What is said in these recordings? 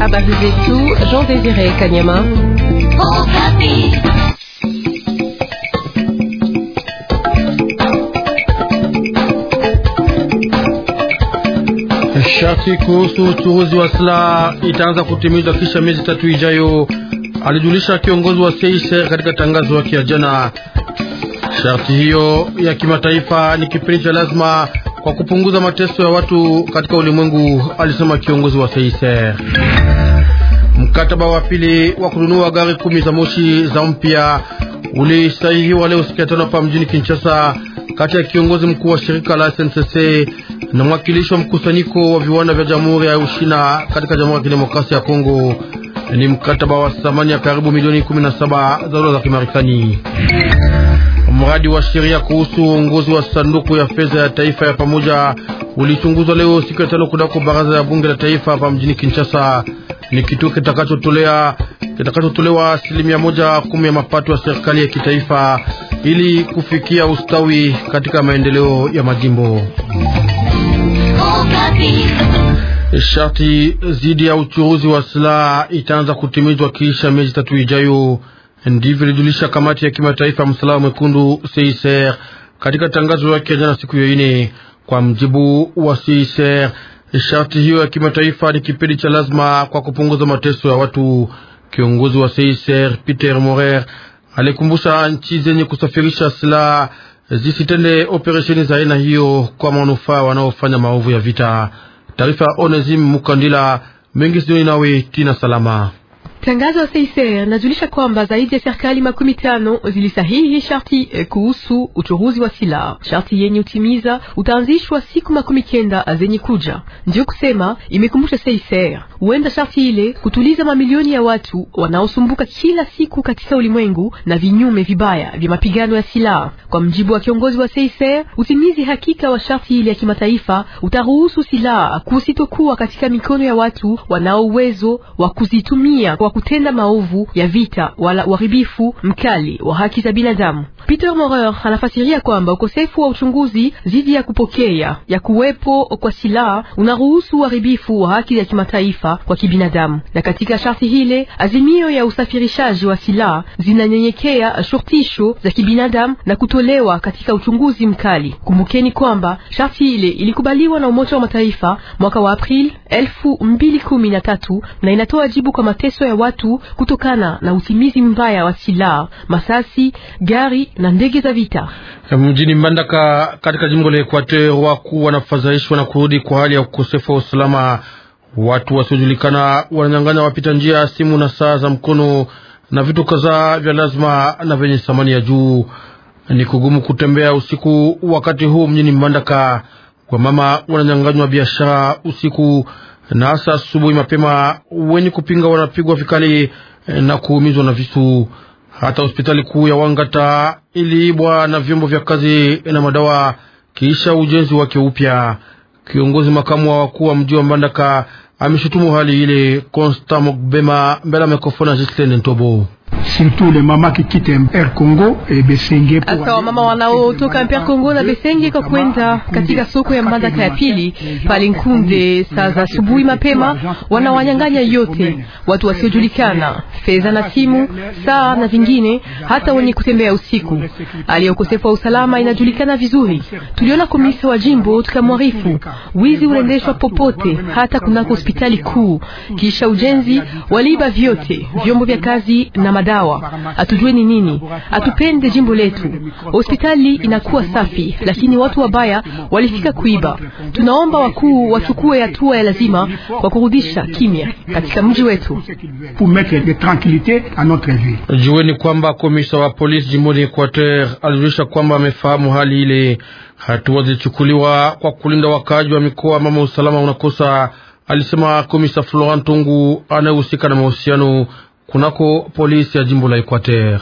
Habari zetu Jean Désiré Kanyama. Okapi. Sharti kuhusu uchuruzi wa silaha itaanza kutimizwa kisha miezi tatu ijayo, alijulisha kiongozi wa Seiser katika tangazo yake ya jana. Sharti hiyo ya kimataifa ni kipindi cha lazima kwa kupunguza mateso ya watu katika ulimwengu, alisema kiongozi wa Seiser. Mkataba wa pili wa kununua gari kumi za moshi za mpya ulisahihiwa leo siku ya tano hapa mjini Kinshasa, kati ya kiongozi mkuu wa shirika la SNCC na mwakilishi wa mkusanyiko wa viwanda vya jamhuri ya Ushina katika Jamhuri ya Kidemokrasia ya Kongo. Ni mkataba wa thamani ya karibu milioni 17 za dola za Kimarekani. Mradi wa sheria kuhusu uongozi wa sanduku ya fedha ya taifa ya pamoja ulichunguzwa leo siku ya tano kunako baraza ya bunge la taifa hapa mjini Kinshasa. Ni kituo kitakachotolea kitakachotolewa asilimia moja kumi ya mapato ya serikali ya kitaifa ili kufikia ustawi katika maendeleo ya majimbo. Sharti dhidi ya uchuruzi wa silaha itaanza kutimizwa kiisha miezi tatu ijayo. Ndivyo ilijulisha kamati ya kimataifa msalaba mwekundu CICR katika tangazo yake jana siku ya ine. Kwa mjibu wa CICR, sharti hiyo ya kimataifa ni kipindi cha lazima kwa kupunguza mateso ya watu. Kiongozi wa CICR Peter Morer alikumbusha nchi zenye kusafirisha silaha zisitende operesheni za aina hiyo kwa manufaa wanaofanya maovu ya vita. Taarifa Onesime Mukandila mengi sidoni nawe Tina Salama. Tangazo ya CICR linajulisha kwamba zaidi ya serikali makumi tano zilisahihi sharti eh, kuhusu uchuruzi wa silaha. Sharti yenye utimiza utaanzishwa siku makumi kenda eh, zenye kuja, ndiyo kusema imekumbusha CICR. Huenda sharti ile kutuliza mamilioni ya watu wanaosumbuka kila siku katika ulimwengu na vinyume vibaya vya mapigano ya silaha. Kwa mjibu wa kiongozi wa CICR, utimizi hakika wa sharti ile ya kimataifa utaruhusu silaha kusitokuwa katika mikono ya watu wanao uwezo wa kuzitumia kwa kutenda maovu ya vita wala uharibifu mkali wa haki za binadamu. Peter Maurer anafasiria kwamba ukosefu wa uchunguzi dhidi ya kupokea ya kuwepo kwa silaha unaruhusu uharibifu wa haki ya kimataifa kwa kibinadamu, na katika sharti hile azimio ya usafirishaji wa silaha zinanyenyekea shurtisho za kibinadamu na kutolewa katika uchunguzi mkali. Kumbukeni kwamba sharti ile ilikubaliwa na Umoja wa Mataifa mwaka wa Aprili 2013 na inatoa jibu kwa mateso ya watu kutokana na utimizi mbaya wa silaha, masasi, gari na ndege za vita. Mjini Mbandaka katika jimbo la Equateur, wakuu wanafadhaishwa na kurudi kwa hali ya ukosefu wa usalama. Watu wasiojulikana wananyang'anya wapita njia simu na saa za mkono na vitu kadhaa vya lazima na vyenye thamani ya juu. Ni kugumu kutembea usiku wakati huu mjini Mbandaka. Wamama wananyang'anywa biashara usiku na hasa asubuhi mapema, wenye kupinga wanapigwa vikali eh, na kuumizwa na visu. Hata hospitali kuu ya Wangata iliibwa na vyombo vya kazi eh, na madawa kisha ujenzi wake upya. Kiongozi makamu wa wakuu wa mji wa Mbandaka ameshutumu hali ile. Constant Mokbema mbele ya mikrofoni ya Justin Ntobo surtout le mama qui quitte Air Congo et Besenge. Hasa wamama wanaotoka Air Congo na Besenge kwa kwenda katika soko ya Mbandaka ya pili pale Nkunde saa za asubuhi mapema, wanawanyang'anya yote watu wasiojulikana, fedha na simu, saa na vingine, hata wenye kutembea usiku. Hali ya ukosefu wa usalama inajulikana vizuri. Tuliona komisa wa jimbo tukamwarifu, wizi unaendeshwa popote, hata kunako hospitali kuu. Kisha ujenzi waliiba vyote, vyombo vya kazi na madawa sawa, hatujue ni nini, hatupende jimbo letu. Hospitali inakuwa safi, lakini watu wabaya walifika kuiba. Tunaomba wakuu wachukue hatua ya lazima kwa kurudisha kimya katika mji wetu. Jueni kwamba komisa wa polisi jimboni Equateur alijulisha kwamba amefahamu hali ile. Hatua zilichukuliwa kwa kulinda wakaaji wa mikoa mama usalama unakosa, alisema komisa Florent Tungu anayehusika na mahusiano kunako polisi ya jimbo la Equateur.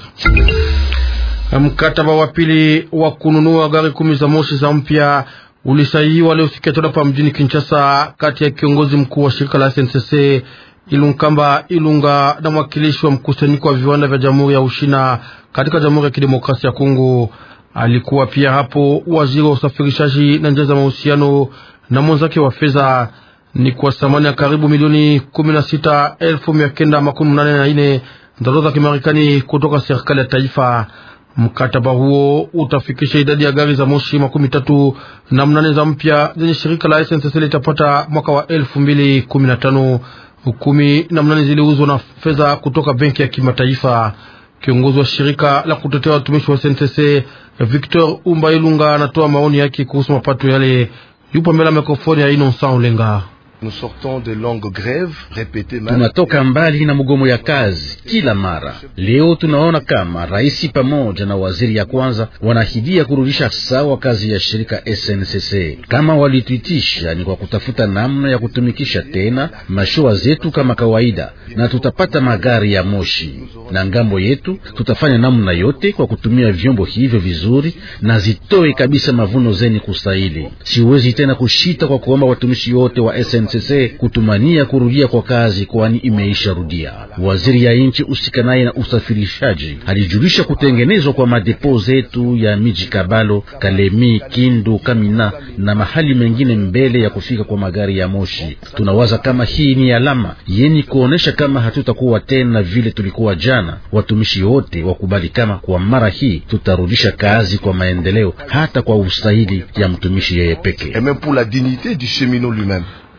Mkataba wa pili wa kununua gari kumi za moshi za mpya ulisainiwa leo siku ya tano hapa mjini Kinshasa, kati ya kiongozi mkuu wa shirika la SNCC Ilunkamba Ilunga na mwakilishi wa mkusanyiko wa viwanda vya Jamhuri ya Ushina katika Jamhuri ya Kidemokrasia ya Kongo. Alikuwa pia hapo waziri wa usafirishaji na njia za mahusiano na mwenzake wa fedha ni kwa thamani ya karibu milioni kumi na sita elfu mia kenda makumi nane na nne dola za Kimarekani kutoka serikali ya taifa. Mkataba huo utafikisha idadi ya gari za moshi makumi tatu na mnane za mpya zenye shirika la SNCC litapata mwaka wa elfu mbili kumi na tano. Kumi na mnane ziliuzwa na fedha kutoka benki ya kimataifa. Kiongozi wa shirika la kutetea watumishi wa SNCC Victor Umbailunga anatoa maoni yake kuhusu mapato yale. Yupo mbele ya mikrofoni ya Inosa Ulenga. Tunatoka mbali na mgomo ya kazi kila mara. Leo tunaona kama rais pamoja na waziri ya kwanza wanahidia kurudisha sawa kazi ya shirika SNCC kama walituitisha, ni kwa kutafuta namna ya kutumikisha tena mashua zetu kama kawaida, na tutapata magari ya moshi na ngambo yetu. Tutafanya namna yote kwa kutumia vyombo hivyo vizuri, na zitoe kabisa mavuno zeni kustahili. Siwezi tena kushita kwa kuomba watumishi wote wa SNCC Sese kutumania kurudia kwa kazi, kwani imeisha rudia. Waziri ya nchi usikanaye na usafirishaji alijulisha kutengenezwa kwa madepo zetu ya miji Kabalo, Kalemi, Kindu, Kamina na mahali mengine mbele ya kufika kwa magari ya moshi. Tunawaza kama hii ni alama yeni kuonesha kama hatutakuwa tena vile tulikuwa jana. Watumishi wote wakubali kama kwa mara hii tutarudisha kazi kwa maendeleo, hata kwa ustahili ya mtumishi yeye peke.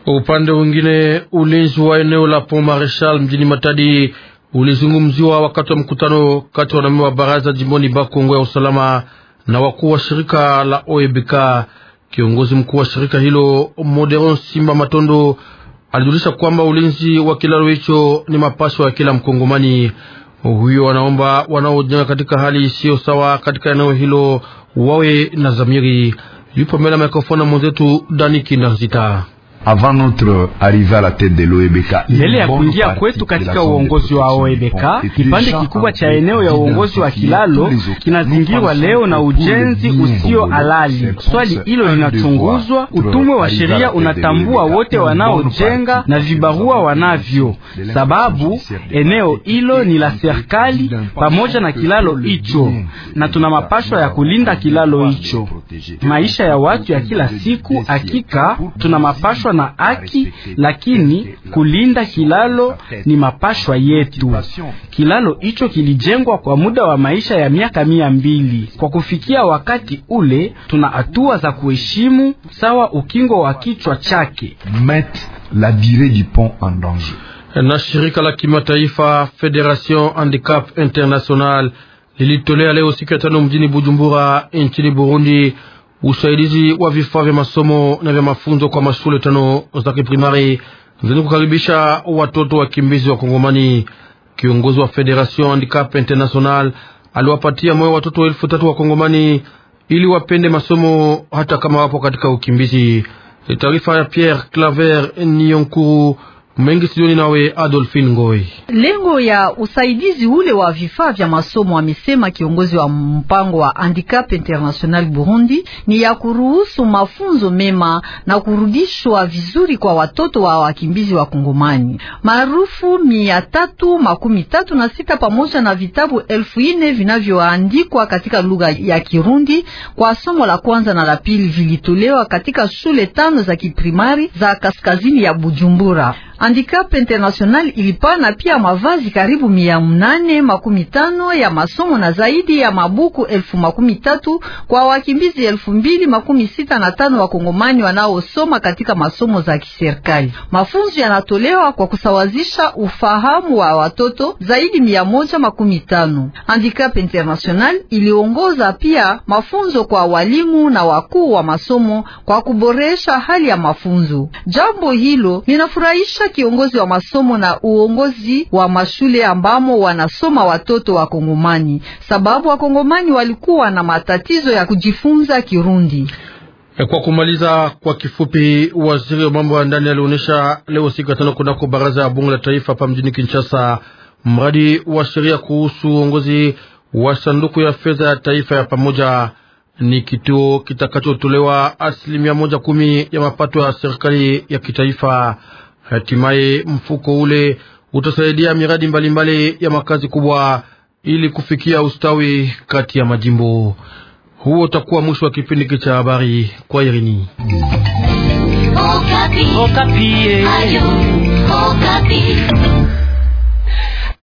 Upande mwingine, ulinzi wa eneo la Pont Marechal mjini Matadi ulizungumziwa wakati wa mkutano kati wanamemba wa baraza jimboni Bakongo ya usalama na wakuu wa shirika la OEBK. Kiongozi mkuu wa shirika hilo Moderon Simba Matondo alijulisha kwamba ulinzi wa kilalo hicho ni mapasho ya kila Mkongomani. Huyo wanaomba wanaojenga katika hali isiyo sawa katika eneo hilo wawe na zamiri. Yupo mbele ya mikrofoni mwenzetu Dani Kinazita avant notre arrivée à la tête de l'OEBK. Mbele ya kuingia kwetu katika uongozi wa OEBK, kipande kikubwa cha eneo ya uongozi wa Kilalo kinazingirwa leo na ujenzi usio halali. Swali hilo linachunguzwa. Utumwe wa sheria unatambua e wote wanaojenga na vibarua wanavyo, sababu eneo hilo ni la serikali pamoja na kilalo hicho, na tuna mapashwa ya kulinda kilalo hicho, maisha ya watu ya kila siku. Hakika tuna mapashwa kuwa na haki, lakini kulinda kilalo ni mapashwa yetu. Kilalo hicho kilijengwa kwa muda wa maisha ya miaka mia mbili. Kwa kufikia wakati ule, tuna hatua za kuheshimu sawa ukingo wa kichwa chake. la du pont en danger. Na shirika la kimataifa Federation Handicap International lilitolea leo siku ya tano mjini Bujumbura nchini Burundi usaidizi wa vifaa vya masomo na vya mafunzo kwa mashule tano za kiprimari zenye kukaribisha watoto wakimbizi wa Kongomani. Kiongozi wa Federation Handicap International aliwapatia moyo watoto elfu tatu wa Kongomani ili wapende masomo hata kama wapo katika ukimbizi. Taarifa ya Pierre Claver nionkuru mengi sioni nawe Adolphine Ngoi. Lengo ya usaidizi ule wa vifaa vya masomo, amesema kiongozi wa mpango wa Handicap International Burundi, ni ya kuruhusu mafunzo mema na kurudishwa vizuri kwa watoto wa wakimbizi wa Kongomani maarufu mia tatu makumi tatu na sita pamoja na vitabu elfu ine vinavyoandikwa katika lugha ya Kirundi kwa somo la kwanza na la pili vilitolewa katika shule tano za kiprimari za kaskazini ya Bujumbura. Handicap International ilipana pia mavazi karibu mia mnane makumi tano ya masomo na zaidi ya mabuku elfu makumi tatu kwa wakimbizi elfu mbili makumi sita na tano wakongomani wanaosoma katika masomo za kiserikali. Mafunzo yanatolewa kwa kusawazisha ufahamu wa watoto zaidi mia moja makumi tano. Handicap International iliongoza pia mafunzo kwa walimu na wakuu wa masomo kwa kuboresha hali ya mafunzo. Jambo hilo linafurahisha kiongozi wa masomo na uongozi wa mashule ambamo wanasoma watoto Wakongomani, sababu Wakongomani walikuwa na matatizo ya kujifunza Kirundi. Eh, kwa kumaliza kwa kifupi, waziri wa mambo ya ndani alionyesha leo siku ya tano kunako baraza ya bunge la taifa hapa mjini Kinshasa mradi wa sheria kuhusu uongozi wa sanduku ya fedha ya taifa ya pamoja. Ni kituo kitakachotolewa asilimia moja kumi ya mapato ya serikali ya kitaifa. Hatimaye mfuko ule utasaidia miradi mbalimbali mbali ya makazi kubwa ili kufikia ustawi kati ya majimbo. Huo utakuwa mwisho wa kipindi cha habari kwa Irini Okapi. Okapi. Ayu, Okapi.